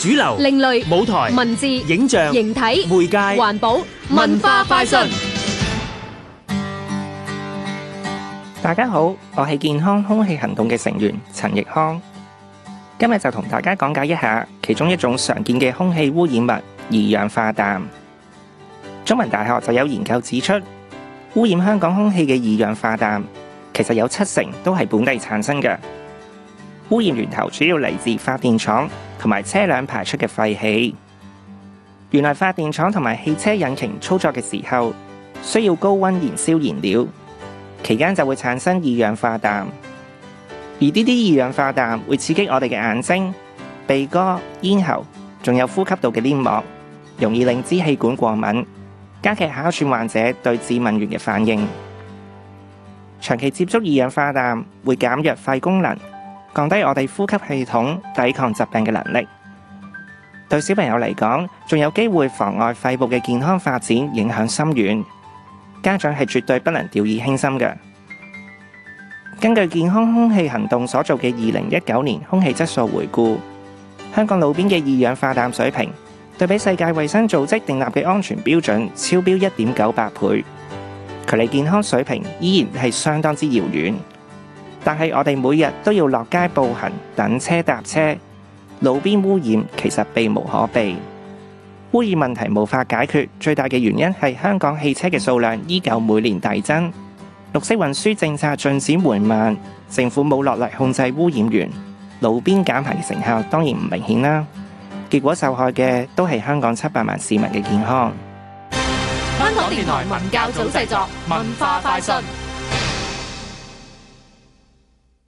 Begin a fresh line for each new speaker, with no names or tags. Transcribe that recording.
主流、另類、舞台、文字、影像、形體、媒介、環保、文化快訊。大家好，我係健康空氣行動嘅成員陳奕康，今日就同大家講解一下其中一種常見嘅空氣污染物——二氧化氮。中文大學就有研究指出，污染香港空氣嘅二氧化氮，其實有七成都係本地產生嘅。污染源頭主要嚟自發電廠同埋車輛排出嘅廢氣。原來發電廠同埋汽車引擎操作嘅時候，需要高温燃燒燃料，期間就會產生二氧化氮。而呢啲二氧化氮會刺激我哋嘅眼睛、鼻哥、咽喉，仲有呼吸道嘅黏膜，容易令支氣管過敏，加劇哮喘患者對致敏原嘅反應。長期接觸二氧化氮會減弱肺功能。降低我哋呼吸系統抵抗疾病嘅能力，對小朋友嚟講，仲有機會妨礙肺部嘅健康發展，影響深遠。家長係絕對不能掉以輕心嘅。根據健康空氣行動所做嘅二零一九年空氣質素回顧，香港路邊嘅二氧化氮水平對比世界衛生組織訂立嘅安全標準，超標一點九八倍，距離健康水平依然係相當之遙遠。但係我哋每日都要落街步行、等車搭車，路邊污染其實避無可避。污染問題無法解決，最大嘅原因係香港汽車嘅數量依舊每年遞增，綠色運輸政策進展緩慢，政府冇落力控制污染源，路邊減排嘅成效當然唔明顯啦。結果受害嘅都係香港七百萬市民嘅健康。香港電台文教組製作文化快訊。